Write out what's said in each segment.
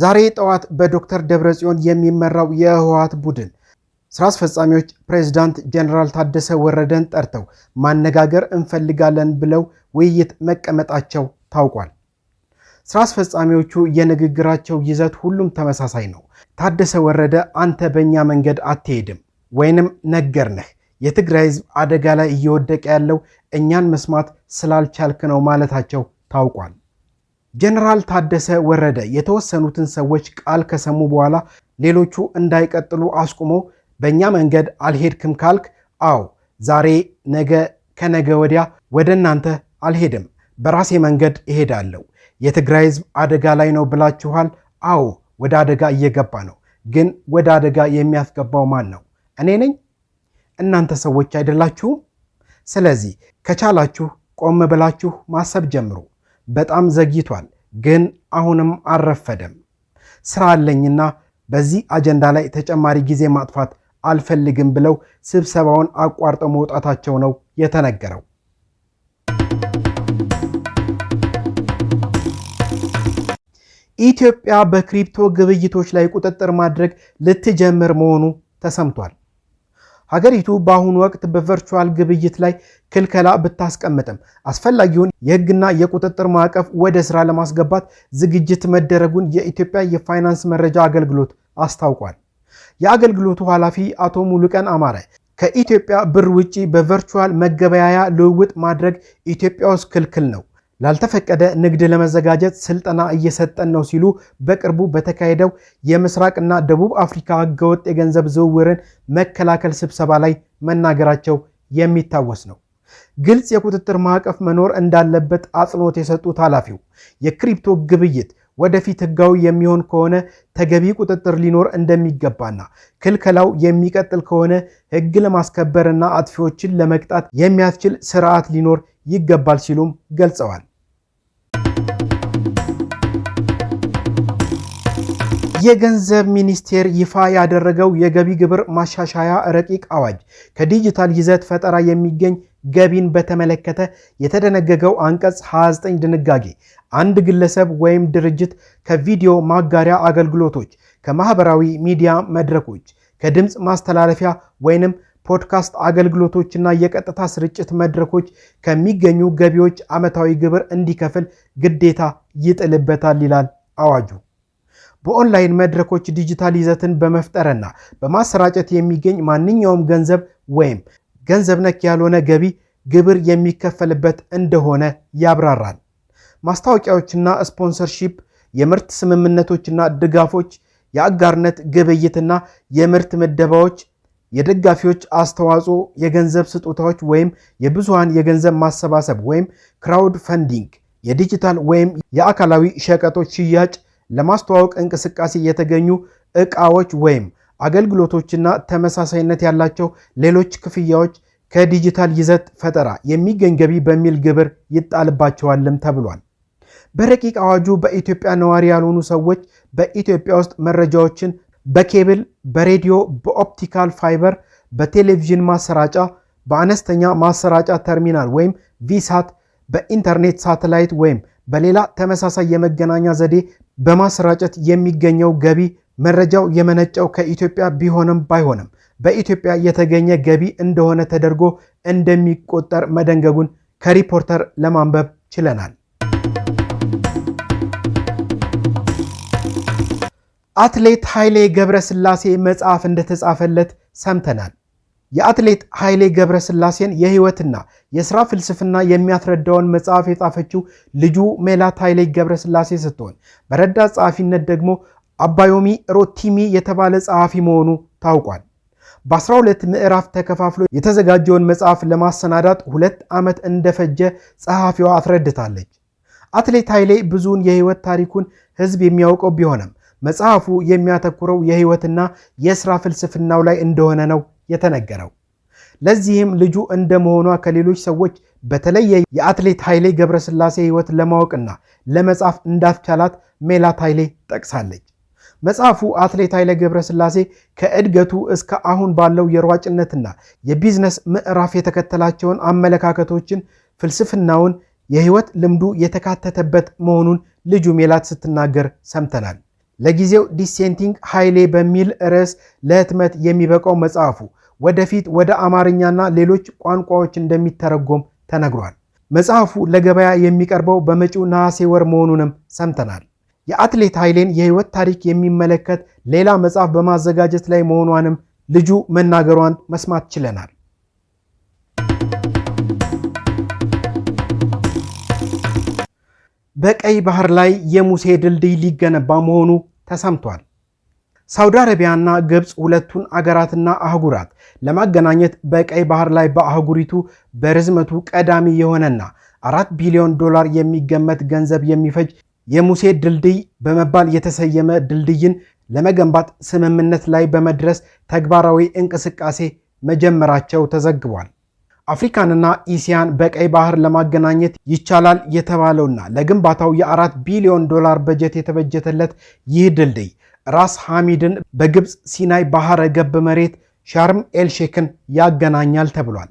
ዛሬ ጠዋት በዶክተር ደብረጽዮን የሚመራው የህወሓት ቡድን ስራ አስፈጻሚዎች ፕሬዝዳንት ጀኔራል ታደሰ ወረደን ጠርተው ማነጋገር እንፈልጋለን ብለው ውይይት መቀመጣቸው ታውቋል። ስራ አስፈጻሚዎቹ የንግግራቸው ይዘት ሁሉም ተመሳሳይ ነው። ታደሰ ወረደ አንተ በእኛ መንገድ አትሄድም ወይንም ነገርንህ የትግራይ ህዝብ አደጋ ላይ እየወደቀ ያለው እኛን መስማት ስላልቻልክ ነው ማለታቸው ታውቋል። ጀነራል ታደሰ ወረደ የተወሰኑትን ሰዎች ቃል ከሰሙ በኋላ ሌሎቹ እንዳይቀጥሉ አስቁሞ በእኛ መንገድ አልሄድክም ካልክ፣ አዎ ዛሬ፣ ነገ፣ ከነገ ወዲያ ወደ እናንተ አልሄድም፣ በራሴ መንገድ እሄዳለሁ። የትግራይ ሕዝብ አደጋ ላይ ነው ብላችኋል። አዎ ወደ አደጋ እየገባ ነው። ግን ወደ አደጋ የሚያስገባው ማን ነው? እኔ ነኝ? እናንተ ሰዎች አይደላችሁም? ስለዚህ ከቻላችሁ ቆም ብላችሁ ማሰብ ጀምሩ። በጣም ዘግይቷል፣ ግን አሁንም አልረፈደም። ስራ አለኝና በዚህ አጀንዳ ላይ ተጨማሪ ጊዜ ማጥፋት አልፈልግም ብለው ስብሰባውን አቋርጠው መውጣታቸው ነው የተነገረው። ኢትዮጵያ በክሪፕቶ ግብይቶች ላይ ቁጥጥር ማድረግ ልትጀምር መሆኑ ተሰምቷል። ሀገሪቱ በአሁኑ ወቅት በቨርቹዋል ግብይት ላይ ክልከላ ብታስቀምጥም አስፈላጊውን የሕግና የቁጥጥር ማዕቀፍ ወደ ስራ ለማስገባት ዝግጅት መደረጉን የኢትዮጵያ የፋይናንስ መረጃ አገልግሎት አስታውቋል። የአገልግሎቱ ኃላፊ አቶ ሙሉቀን አማረ ከኢትዮጵያ ብር ውጪ በቨርቹዋል መገበያያ ልውውጥ ማድረግ ኢትዮጵያ ውስጥ ክልክል ነው ላልተፈቀደ ንግድ ለመዘጋጀት ስልጠና እየሰጠን ነው ሲሉ በቅርቡ በተካሄደው የምስራቅና ደቡብ አፍሪካ ህገወጥ የገንዘብ ዝውውርን መከላከል ስብሰባ ላይ መናገራቸው የሚታወስ ነው። ግልጽ የቁጥጥር ማዕቀፍ መኖር እንዳለበት አጽንኦት የሰጡት ኃላፊው የክሪፕቶ ግብይት ወደፊት ህጋዊ የሚሆን ከሆነ ተገቢ ቁጥጥር ሊኖር እንደሚገባና ክልከላው የሚቀጥል ከሆነ ህግ ለማስከበርና አጥፊዎችን ለመቅጣት የሚያስችል ስርዓት ሊኖር ይገባል ሲሉም ገልጸዋል። የገንዘብ ሚኒስቴር ይፋ ያደረገው የገቢ ግብር ማሻሻያ ረቂቅ አዋጅ ከዲጂታል ይዘት ፈጠራ የሚገኝ ገቢን በተመለከተ የተደነገገው አንቀጽ 29 ድንጋጌ አንድ ግለሰብ ወይም ድርጅት ከቪዲዮ ማጋሪያ አገልግሎቶች፣ ከማህበራዊ ሚዲያ መድረኮች፣ ከድምፅ ማስተላለፊያ ወይንም ፖድካስት አገልግሎቶችና የቀጥታ ስርጭት መድረኮች ከሚገኙ ገቢዎች ዓመታዊ ግብር እንዲከፍል ግዴታ ይጥልበታል ይላል አዋጁ። በኦንላይን መድረኮች ዲጂታል ይዘትን በመፍጠርና በማሰራጨት የሚገኝ ማንኛውም ገንዘብ ወይም ገንዘብ ነክ ያልሆነ ገቢ ግብር የሚከፈልበት እንደሆነ ያብራራል። ማስታወቂያዎችና ስፖንሰርሺፕ፣ የምርት ስምምነቶችና ድጋፎች፣ የአጋርነት ግብይትና የምርት ምደባዎች፣ የደጋፊዎች አስተዋጽኦ፣ የገንዘብ ስጦታዎች ወይም የብዙሃን የገንዘብ ማሰባሰብ ወይም ክራውድ ፈንዲንግ፣ የዲጂታል ወይም የአካላዊ ሸቀጦች ሽያጭ ለማስተዋወቅ እንቅስቃሴ የተገኙ ዕቃዎች ወይም አገልግሎቶችና ተመሳሳይነት ያላቸው ሌሎች ክፍያዎች ከዲጂታል ይዘት ፈጠራ የሚገኝ ገቢ በሚል ግብር ይጣልባቸዋልም ተብሏል። በረቂቅ አዋጁ በኢትዮጵያ ነዋሪ ያልሆኑ ሰዎች በኢትዮጵያ ውስጥ መረጃዎችን በኬብል፣ በሬዲዮ፣ በኦፕቲካል ፋይበር፣ በቴሌቪዥን ማሰራጫ፣ በአነስተኛ ማሰራጫ ተርሚናል ወይም ቪሳት፣ በኢንተርኔት ሳተላይት ወይም በሌላ ተመሳሳይ የመገናኛ ዘዴ በማሰራጨት የሚገኘው ገቢ መረጃው የመነጨው ከኢትዮጵያ ቢሆንም ባይሆንም በኢትዮጵያ የተገኘ ገቢ እንደሆነ ተደርጎ እንደሚቆጠር መደንገጉን ከሪፖርተር ለማንበብ ችለናል። አትሌት ኃይሌ ገብረስላሴ መጽሐፍ እንደተጻፈለት ሰምተናል። የአትሌት ኃይሌ ገብረስላሴን የህይወትና የስራ ፍልስፍና የሚያስረዳውን መጽሐፍ የጻፈችው ልጁ ሜላት ኃይሌ ገብረስላሴ ስትሆን በረዳት ጸሐፊነት ደግሞ አባዮሚ ሮቲሚ የተባለ ጸሐፊ መሆኑ ታውቋል። በ12 ምዕራፍ ተከፋፍሎ የተዘጋጀውን መጽሐፍ ለማሰናዳት ሁለት ዓመት እንደፈጀ ጸሐፊዋ አስረድታለች። አትሌት ኃይሌ ብዙውን የህይወት ታሪኩን ህዝብ የሚያውቀው ቢሆንም መጽሐፉ የሚያተኩረው የህይወትና የስራ ፍልስፍናው ላይ እንደሆነ ነው የተነገረው። ለዚህም ልጁ እንደ መሆኗ ከሌሎች ሰዎች በተለየ የአትሌት ኃይሌ ገብረስላሴ ህይወት ለማወቅና ለመጻፍ እንዳትቻላት ሜላት ኃይሌ ጠቅሳለች። መጽሐፉ አትሌት ኃይሌ ገብረስላሴ ከእድገቱ እስከ አሁን ባለው የሯጭነትና የቢዝነስ ምዕራፍ የተከተላቸውን አመለካከቶችን፣ ፍልስፍናውን፣ የህይወት ልምዱ የተካተተበት መሆኑን ልጁ ሜላት ስትናገር ሰምተናል። ለጊዜው ዲሴንቲንግ ኃይሌ በሚል ርዕስ ለህትመት የሚበቃው መጽሐፉ ወደፊት ወደ አማርኛና ሌሎች ቋንቋዎች እንደሚተረጎም ተነግሯል። መጽሐፉ ለገበያ የሚቀርበው በመጪው ነሐሴ ወር መሆኑንም ሰምተናል። የአትሌት ኃይሌን የህይወት ታሪክ የሚመለከት ሌላ መጽሐፍ በማዘጋጀት ላይ መሆኗንም ልጁ መናገሯን መስማት ችለናል። በቀይ ባህር ላይ የሙሴ ድልድይ ሊገነባ መሆኑ ተሰምቷል። ሳውዲ አረቢያና ግብፅ ሁለቱን አገራትና አህጉራት ለማገናኘት በቀይ ባህር ላይ በአህጉሪቱ በርዝመቱ ቀዳሚ የሆነና አራት ቢሊዮን ዶላር የሚገመት ገንዘብ የሚፈጅ የሙሴ ድልድይ በመባል የተሰየመ ድልድይን ለመገንባት ስምምነት ላይ በመድረስ ተግባራዊ እንቅስቃሴ መጀመራቸው ተዘግቧል። አፍሪካንና ኢሲያን በቀይ ባህር ለማገናኘት ይቻላል የተባለውና ለግንባታው የአራት ቢሊዮን ዶላር በጀት የተበጀተለት ይህ ድልድይ ራስ ሐሚድን በግብፅ ሲናይ ባህረ ገብ መሬት ሻርም ኤልሼክን ያገናኛል ተብሏል።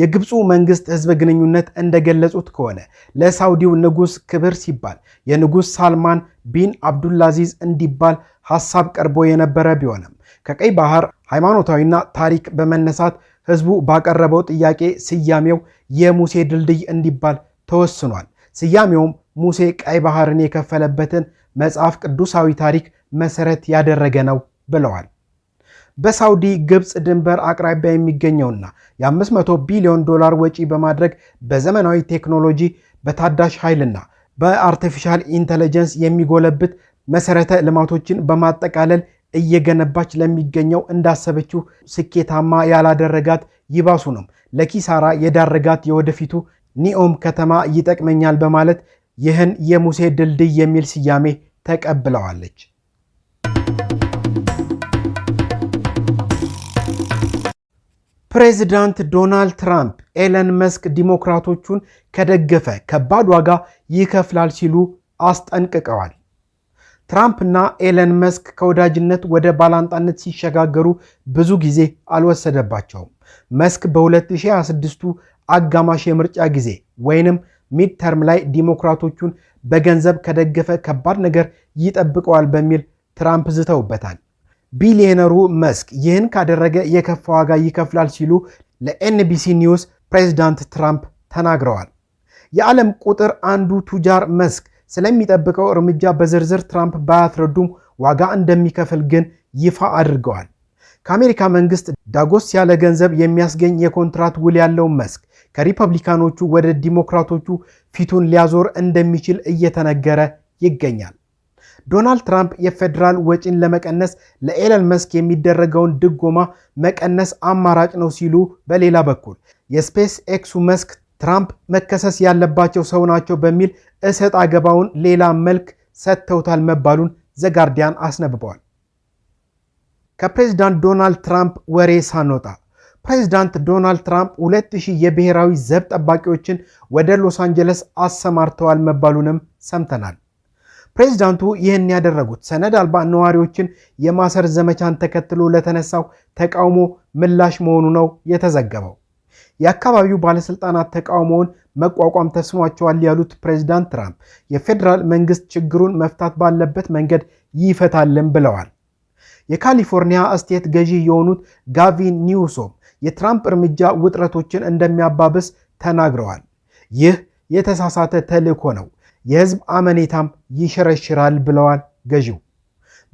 የግብፁ መንግስት ህዝብ ግንኙነት እንደገለጹት ከሆነ ለሳውዲው ንጉሥ ክብር ሲባል የንጉሥ ሳልማን ቢን አብዱላዚዝ እንዲባል ሐሳብ ቀርቦ የነበረ ቢሆንም ከቀይ ባህር ሃይማኖታዊና ታሪክ በመነሳት ህዝቡ ባቀረበው ጥያቄ ስያሜው የሙሴ ድልድይ እንዲባል ተወስኗል። ስያሜውም ሙሴ ቀይ ባህርን የከፈለበትን መጽሐፍ ቅዱሳዊ ታሪክ መሰረት ያደረገ ነው ብለዋል። በሳውዲ ግብፅ ድንበር አቅራቢያ የሚገኘውና የ500 ቢሊዮን ዶላር ወጪ በማድረግ በዘመናዊ ቴክኖሎጂ በታዳሽ ኃይልና በአርቲፊሻል ኢንተለጀንስ የሚጎለብት መሰረተ ልማቶችን በማጠቃለል እየገነባች ለሚገኘው እንዳሰበችው ስኬታማ ያላደረጋት ይባሱ ነው ለኪሳራ የዳረጋት የወደፊቱ ኒኦም ከተማ ይጠቅመኛል በማለት ይህን የሙሴ ድልድይ የሚል ስያሜ ተቀብለዋለች። ፕሬዚዳንት ዶናልድ ትራምፕ ኤለን መስክ ዲሞክራቶቹን ከደገፈ ከባድ ዋጋ ይከፍላል ሲሉ አስጠንቅቀዋል። ትራምፕ እና ኤለን መስክ ከወዳጅነት ወደ ባላንጣነት ሲሸጋገሩ ብዙ ጊዜ አልወሰደባቸውም። መስክ በ2026ቱ አጋማሽ የምርጫ ጊዜ ወይንም ሚድ ተርም ላይ ዲሞክራቶቹን በገንዘብ ከደገፈ ከባድ ነገር ይጠብቀዋል በሚል ትራምፕ ዝተውበታል። ቢሊዮነሩ መስክ ይህን ካደረገ የከፋ ዋጋ ይከፍላል ሲሉ ለኤንቢሲ ኒውስ ፕሬዚዳንት ትራምፕ ተናግረዋል። የዓለም ቁጥር አንዱ ቱጃር መስክ ስለሚጠብቀው እርምጃ በዝርዝር ትራምፕ ባያስረዱም ዋጋ እንደሚከፍል ግን ይፋ አድርገዋል። ከአሜሪካ መንግስት ዳጎስ ያለ ገንዘብ የሚያስገኝ የኮንትራት ውል ያለው መስክ ከሪፐብሊካኖቹ ወደ ዲሞክራቶቹ ፊቱን ሊያዞር እንደሚችል እየተነገረ ይገኛል። ዶናልድ ትራምፕ የፌዴራል ወጪን ለመቀነስ ለኤለን መስክ የሚደረገውን ድጎማ መቀነስ አማራጭ ነው ሲሉ፣ በሌላ በኩል የስፔስ ኤክሱ መስክ ትራምፕ መከሰስ ያለባቸው ሰው ናቸው በሚል እሰጥ አገባውን ሌላ መልክ ሰጥተውታል መባሉን ዘጋርዲያን አስነብበዋል። ከፕሬዚዳንት ዶናልድ ትራምፕ ወሬ ሳንወጣ ፕሬዚዳንት ዶናልድ ትራምፕ 2000 የብሔራዊ ዘብ ጠባቂዎችን ወደ ሎስ አንጀለስ አሰማርተዋል መባሉንም ሰምተናል። ፕሬዚዳንቱ ይህን ያደረጉት ሰነድ አልባ ነዋሪዎችን የማሰር ዘመቻን ተከትሎ ለተነሳው ተቃውሞ ምላሽ መሆኑ ነው የተዘገበው። የአካባቢው ባለስልጣናት ተቃውሞውን መቋቋም ተስኗቸዋል ያሉት ፕሬዚዳንት ትራምፕ የፌዴራል መንግስት ችግሩን መፍታት ባለበት መንገድ ይፈታልን ብለዋል። የካሊፎርኒያ እስቴት ገዢ የሆኑት ጋቪን ኒውሶም የትራምፕ እርምጃ ውጥረቶችን እንደሚያባብስ ተናግረዋል። ይህ የተሳሳተ ተልዕኮ ነው፣ የህዝብ አመኔታም ይሸረሽራል ብለዋል ገዢው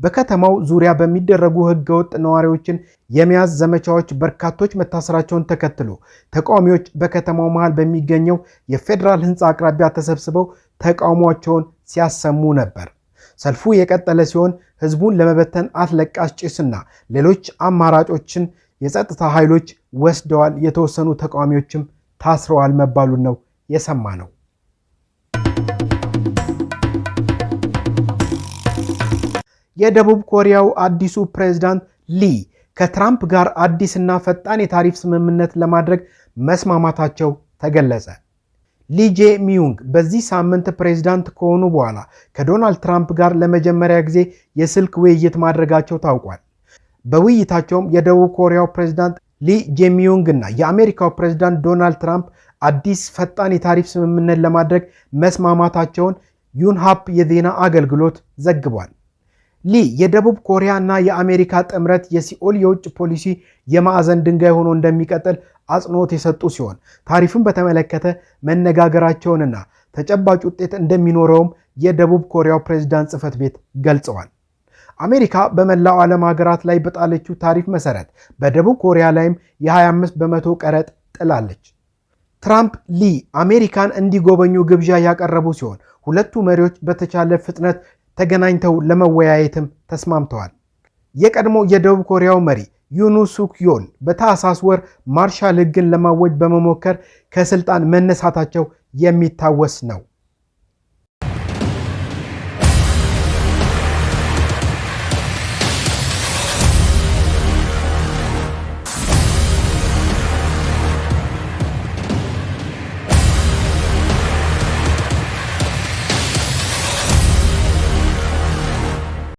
በከተማው ዙሪያ በሚደረጉ ህገወጥ ነዋሪዎችን የመያዝ ዘመቻዎች በርካቶች መታሰራቸውን ተከትሎ ተቃዋሚዎች በከተማው መሃል በሚገኘው የፌዴራል ህንፃ አቅራቢያ ተሰብስበው ተቃውሟቸውን ሲያሰሙ ነበር። ሰልፉ የቀጠለ ሲሆን ህዝቡን ለመበተን አስለቃሽ ጭስና ሌሎች አማራጮችን የጸጥታ ኃይሎች ወስደዋል። የተወሰኑ ተቃዋሚዎችም ታስረዋል መባሉን ነው የሰማ ነው። የደቡብ ኮሪያው አዲሱ ፕሬዝዳንት ሊ ከትራምፕ ጋር አዲስና ፈጣን የታሪፍ ስምምነት ለማድረግ መስማማታቸው ተገለጸ። ሊጄ ሚዩንግ በዚህ ሳምንት ፕሬዝዳንት ከሆኑ በኋላ ከዶናልድ ትራምፕ ጋር ለመጀመሪያ ጊዜ የስልክ ውይይት ማድረጋቸው ታውቋል። በውይይታቸውም የደቡብ ኮሪያው ፕሬዝዳንት ሊ ጄሚዩንግ እና የአሜሪካው ፕሬዝዳንት ዶናልድ ትራምፕ አዲስ ፈጣን የታሪፍ ስምምነት ለማድረግ መስማማታቸውን ዩንሃፕ የዜና አገልግሎት ዘግቧል። ሊ የደቡብ ኮሪያ እና የአሜሪካ ጥምረት የሲኦል የውጭ ፖሊሲ የማዕዘን ድንጋይ ሆኖ እንደሚቀጥል አጽንኦት የሰጡ ሲሆን ታሪፍን በተመለከተ መነጋገራቸውንና ተጨባጭ ውጤት እንደሚኖረውም የደቡብ ኮሪያው ፕሬዝዳንት ጽህፈት ቤት ገልጸዋል። አሜሪካ በመላው ዓለም ሀገራት ላይ በጣለችው ታሪፍ መሰረት በደቡብ ኮሪያ ላይም የ25 በመቶ ቀረጥ ጥላለች። ትራምፕ ሊ አሜሪካን እንዲጎበኙ ግብዣ ያቀረቡ ሲሆን ሁለቱ መሪዎች በተቻለ ፍጥነት ተገናኝተው ለመወያየትም ተስማምተዋል። የቀድሞ የደቡብ ኮሪያው መሪ ዩኑ ሱክዮል በታህሳስ ወር ማርሻል ሕግን ለማወጅ በመሞከር ከስልጣን መነሳታቸው የሚታወስ ነው።